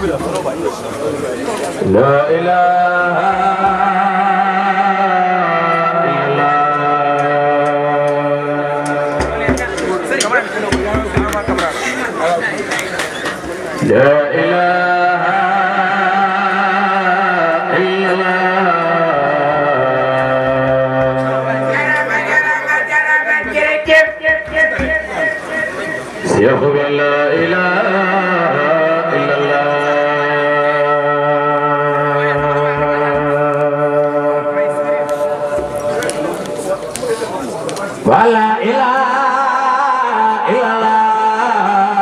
لا إله لا إله إلا الله سيخبر لا إله ولا إله إلا الله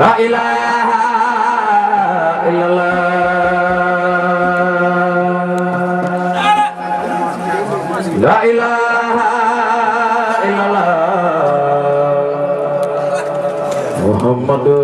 لا إله إلا الله لا إله إلا الله محمد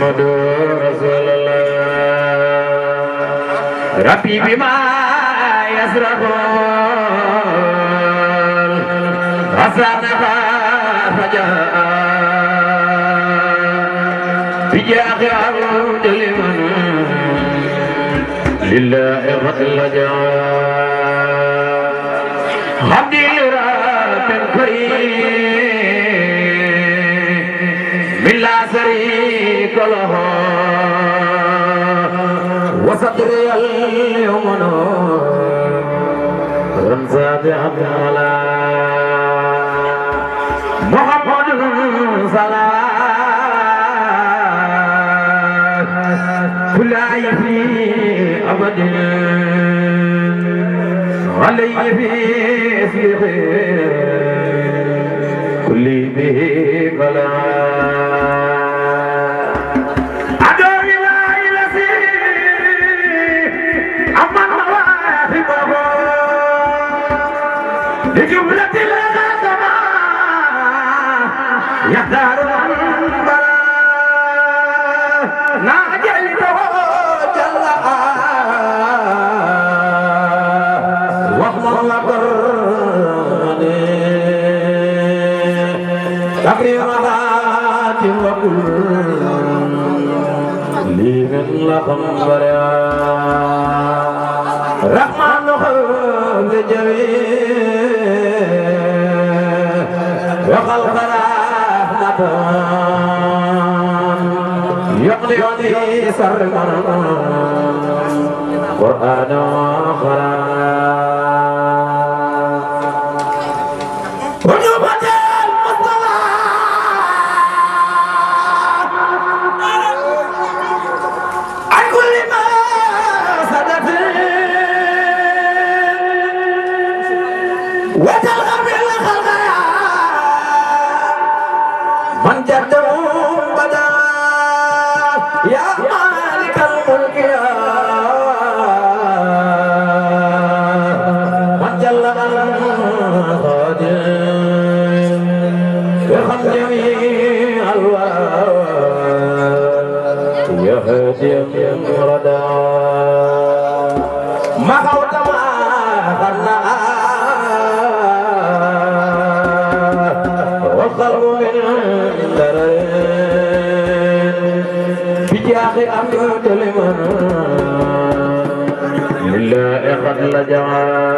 محمد رسول الله ربي بما يزرعون غسانها فجاء بجاه عرض لمن لله الرجل حمد لرب كريم من لا سريم شريك له وصدري اليمن رمزات عبد الله محمد صلاة كل عي في أبد علي في في خير كل به بلاد وخلقنا يقضي سر قرآن آخر الأخ أموت لمن لله قد لجعان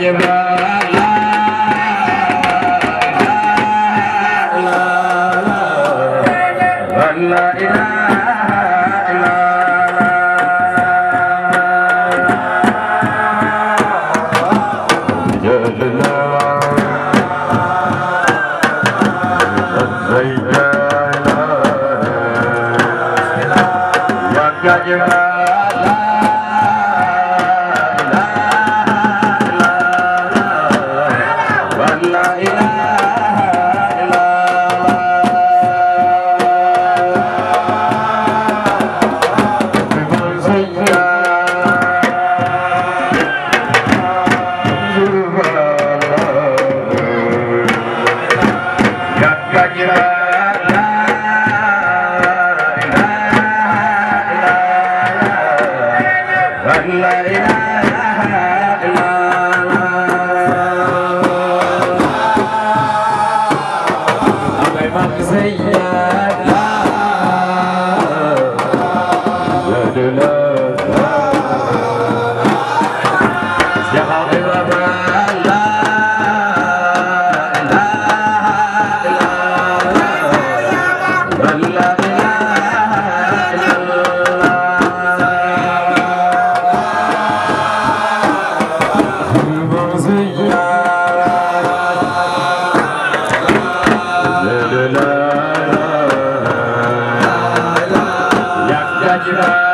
Yeah, Give it up. الله